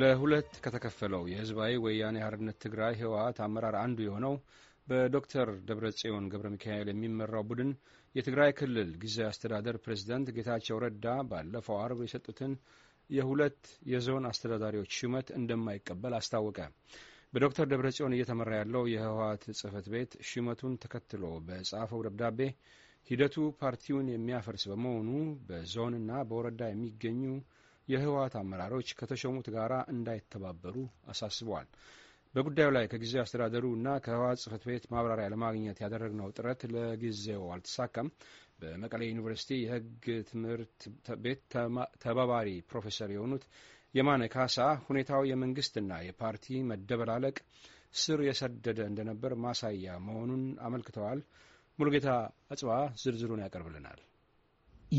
ለሁለት ከተከፈለው የህዝባዊ ወያኔ ሓርነት ትግራይ ህወሀት አመራር አንዱ የሆነው በዶክተር ደብረጽዮን ገብረ ሚካኤል የሚመራው ቡድን የትግራይ ክልል ጊዜያዊ አስተዳደር ፕሬዝዳንት ጌታቸው ረዳ ባለፈው አርብ የሰጡትን የሁለት የዞን አስተዳዳሪዎች ሹመት እንደማይቀበል አስታወቀ። በዶክተር ደብረጽዮን እየተመራ ያለው የህወሀት ጽህፈት ቤት ሹመቱን ተከትሎ በጻፈው ደብዳቤ ሂደቱ ፓርቲውን የሚያፈርስ በመሆኑ በዞንና በወረዳ የሚገኙ የህወሀት አመራሮች ከተሾሙት ጋር እንዳይተባበሩ አሳስበዋል። በጉዳዩ ላይ ከጊዜ አስተዳደሩ እና ከህወሀት ጽህፈት ቤት ማብራሪያ ለማግኘት ያደረግነው ጥረት ለጊዜው አልተሳካም። በመቀሌ ዩኒቨርሲቲ የህግ ትምህርት ቤት ተባባሪ ፕሮፌሰር የሆኑት የማነ ካሳ ሁኔታው የመንግስትና የፓርቲ መደበላለቅ ስር የሰደደ እንደነበር ማሳያ መሆኑን አመልክተዋል። ሙሉጌታ አጽባ ዝርዝሩን ያቀርብልናል።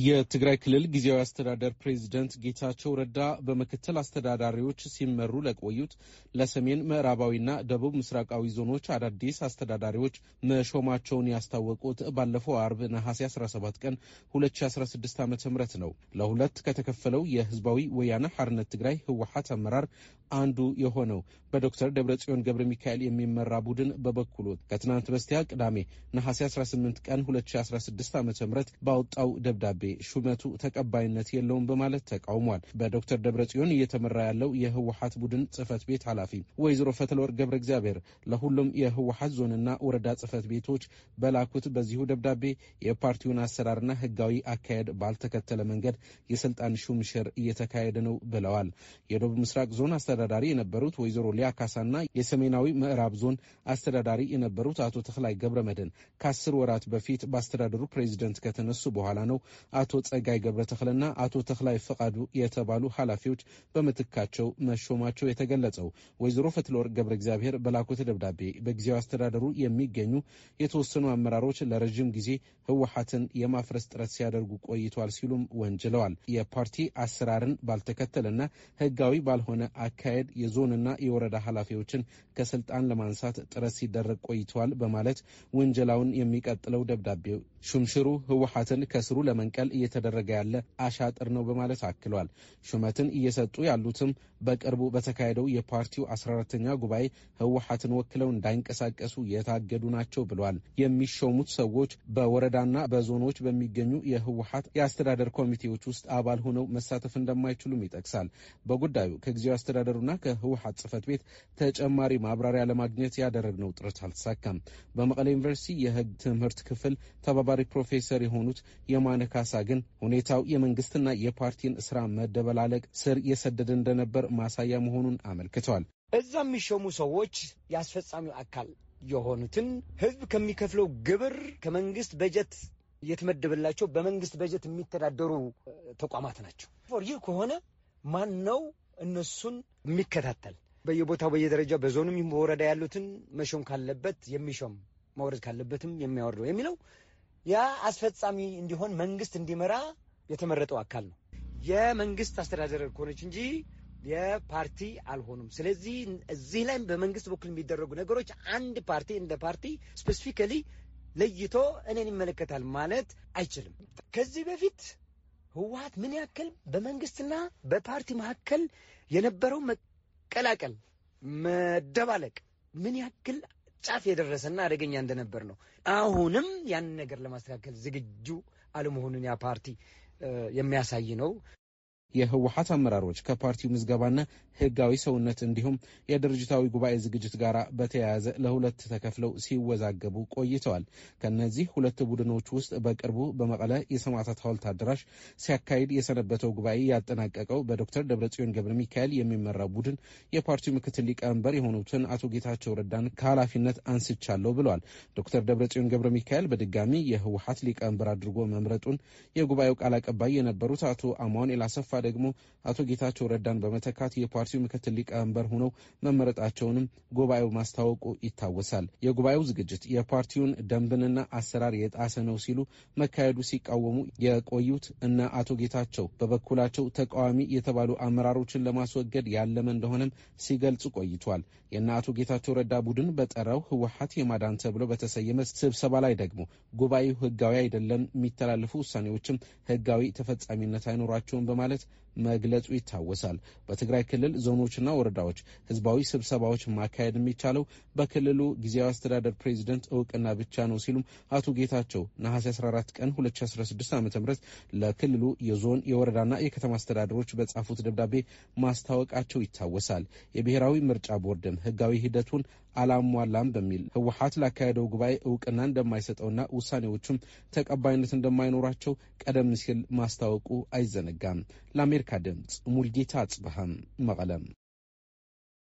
የትግራይ ክልል ጊዜያዊ አስተዳደር ፕሬዚደንት ጌታቸው ረዳ በምክትል አስተዳዳሪዎች ሲመሩ ለቆዩት ለሰሜን ምዕራባዊና ደቡብ ምስራቃዊ ዞኖች አዳዲስ አስተዳዳሪዎች መሾማቸውን ያስታወቁት ባለፈው አርብ ነሐሴ 17 ቀን 2016 ዓ ም ነው። ለሁለት ከተከፈለው የህዝባዊ ወያነ ሐርነት ትግራይ ህወሓት አመራር አንዱ የሆነው በዶክተር ደብረጽዮን ገብረ ሚካኤል የሚመራ ቡድን በበኩሉ ከትናንት በስቲያ ቅዳሜ ነሐሴ 18 ቀን 2016 ዓ ም ባወጣው ደብዳቤ ሹመቱ ተቀባይነት የለውም በማለት ተቃውሟል። በዶክተር ደብረጽዮን እየተመራ ያለው የህወሀት ቡድን ጽህፈት ቤት ኃላፊ ወይዘሮ ፈትለወርቅ ገብረ እግዚአብሔር ለሁሉም የህወሀት ዞንና ወረዳ ጽህፈት ቤቶች በላኩት በዚሁ ደብዳቤ የፓርቲውን አሰራርና ህጋዊ አካሄድ ባልተከተለ መንገድ የስልጣን ሹምሽር እየተካሄደ ነው ብለዋል። የደቡብ ምስራቅ ዞን አስተዳዳሪ የነበሩት ወይዘሮ ሊያ ካሳና የሰሜናዊ ምዕራብ ዞን አስተዳዳሪ የነበሩት አቶ ተክላይ ገብረ መድን ከአስር ወራት በፊት በአስተዳደሩ ፕሬዚደንት ከተነሱ በኋላ ነው አቶ ጸጋይ ተክለና አቶ ተክላይ ፈቃዱ የተባሉ ኃላፊዎች በምትካቸው መሾማቸው የተገለጸው ወይዘሮ ፈትለወርቅ ገብረ እግዚአብሔር በላኩት ደብዳቤ በጊዜው አስተዳደሩ የሚገኙ የተወሰኑ አመራሮች ለረዥም ጊዜ ህወሀትን የማፍረስ ጥረት ሲያደርጉ ቆይተዋል ሲሉም ወንጅለዋል። የፓርቲ አሰራርን ባልተከተለና ህጋዊ ባልሆነ አካሄድ የዞንና የወረዳ ኃላፊዎችን ከስልጣን ለማንሳት ጥረት ሲደረግ ቆይተዋል በማለት ወንጀላውን የሚቀጥለው ደብዳቤው ሹምሽሩ ህወሀትን ከስሩ ለመን ለመፈንቀል እየተደረገ ያለ አሻጥር ነው በማለት አክሏል። ሹመትን እየሰጡ ያሉትም በቅርቡ በተካሄደው የፓርቲው 14ተኛ ጉባኤ ህወሀትን ወክለው እንዳይንቀሳቀሱ የታገዱ ናቸው ብሏል። የሚሾሙት ሰዎች በወረዳና በዞኖች በሚገኙ የህወሀት የአስተዳደር ኮሚቴዎች ውስጥ አባል ሆነው መሳተፍ እንደማይችሉም ይጠቅሳል። በጉዳዩ ከጊዜው አስተዳደሩና ከህወሀት ጽህፈት ቤት ተጨማሪ ማብራሪያ ለማግኘት ያደረግነው ጥረት አልተሳካም። በመቀሌ ዩኒቨርሲቲ የህግ ትምህርት ክፍል ተባባሪ ፕሮፌሰር የሆኑት የማነካ ፒያሳ ግን ሁኔታው የመንግስትና የፓርቲን ስራ መደበላለቅ ስር የሰደደ እንደነበር ማሳያ መሆኑን አመልክተዋል። እዛ የሚሾሙ ሰዎች የአስፈጻሚው አካል የሆኑትን ህዝብ ከሚከፍለው ግብር ከመንግስት በጀት የተመደበላቸው በመንግስት በጀት የሚተዳደሩ ተቋማት ናቸው። ይህ ከሆነ ማን ነው እነሱን የሚከታተል? በየቦታው በየደረጃ በዞኑም በወረዳ ያሉትን መሾም ካለበት የሚሾም መውረድ ካለበትም የሚያወርደው የሚለው ያ አስፈጻሚ እንዲሆን መንግስት እንዲመራ የተመረጠው አካል ነው። የመንግስት አስተዳደር ከሆነች እንጂ የፓርቲ አልሆኑም። ስለዚህ እዚህ ላይ በመንግስት በኩል የሚደረጉ ነገሮች አንድ ፓርቲ እንደ ፓርቲ ስፔሲፊካሊ ለይቶ እኔን ይመለከታል ማለት አይችልም። ከዚህ በፊት ህወሀት ምን ያክል በመንግስትና በፓርቲ መካከል የነበረው መቀላቀል፣ መደባለቅ ምን ያክል ጫፍ የደረሰና አደገኛ እንደነበር ነው። አሁንም ያንን ነገር ለማስተካከል ዝግጁ አለመሆኑን ያ ፓርቲ የሚያሳይ ነው። የህወሀት አመራሮች ከፓርቲው ምዝገባና ህጋዊ ሰውነት እንዲሁም የድርጅታዊ ጉባኤ ዝግጅት ጋር በተያያዘ ለሁለት ተከፍለው ሲወዛገቡ ቆይተዋል። ከነዚህ ሁለት ቡድኖች ውስጥ በቅርቡ በመቀለ የሰማዕታት ሐውልት አዳራሽ ሲያካሂድ የሰነበተው ጉባኤ ያጠናቀቀው በዶክተር ደብረጽዮን ገብረ ሚካኤል የሚመራው ቡድን የፓርቲው ምክትል ሊቀመንበር የሆኑትን አቶ ጌታቸው ረዳን ከኃላፊነት አንስቻለሁ ብለዋል። ዶክተር ደብረጽዮን ገብረ ሚካኤል በድጋሚ የህወሀት ሊቀመንበር አድርጎ መምረጡን የጉባኤው ቃል አቀባይ የነበሩት አቶ አማኑኤል አሰፋ ደግሞ አቶ ጌታቸው ረዳን በመተካት የፓርቲው ምክትል ሊቀመንበር ሆነው መመረጣቸውንም ጉባኤው ማስታወቁ ይታወሳል። የጉባኤው ዝግጅት የፓርቲውን ደንብንና አሰራር የጣሰ ነው ሲሉ መካሄዱ ሲቃወሙ የቆዩት እነ አቶ ጌታቸው በበኩላቸው ተቃዋሚ የተባሉ አመራሮችን ለማስወገድ ያለመ እንደሆነም ሲገልጹ ቆይቷል። የእነ አቶ ጌታቸው ረዳ ቡድን በጠራው ህወሀት የማዳን ተብሎ በተሰየመ ስብሰባ ላይ ደግሞ ጉባኤው ህጋዊ አይደለም፣ የሚተላለፉ ውሳኔዎችም ህጋዊ ተፈጻሚነት አይኖራቸውም በማለት መግለጹ ይታወሳል። በትግራይ ክልል ዞኖችና ወረዳዎች ህዝባዊ ስብሰባዎች ማካሄድ የሚቻለው በክልሉ ጊዜያዊ አስተዳደር ፕሬዚደንት እውቅና ብቻ ነው ሲሉም አቶ ጌታቸው ነሐሴ 14 ቀን 2016 ዓ ም ለክልሉ የዞን የወረዳና የከተማ አስተዳደሮች በጻፉት ደብዳቤ ማስታወቃቸው ይታወሳል። የብሔራዊ ምርጫ ቦርድም ህጋዊ ሂደቱን አላሟላም በሚል ህወሀት ላካሄደው ጉባኤ እውቅና እንደማይሰጠውና ውሳኔዎቹም ተቀባይነት እንደማይኖራቸው ቀደም ሲል ማስታወቁ አይዘነጋም። ለአሜሪካ ድምፅ ሙልጌታ አጽብሃም መቀለም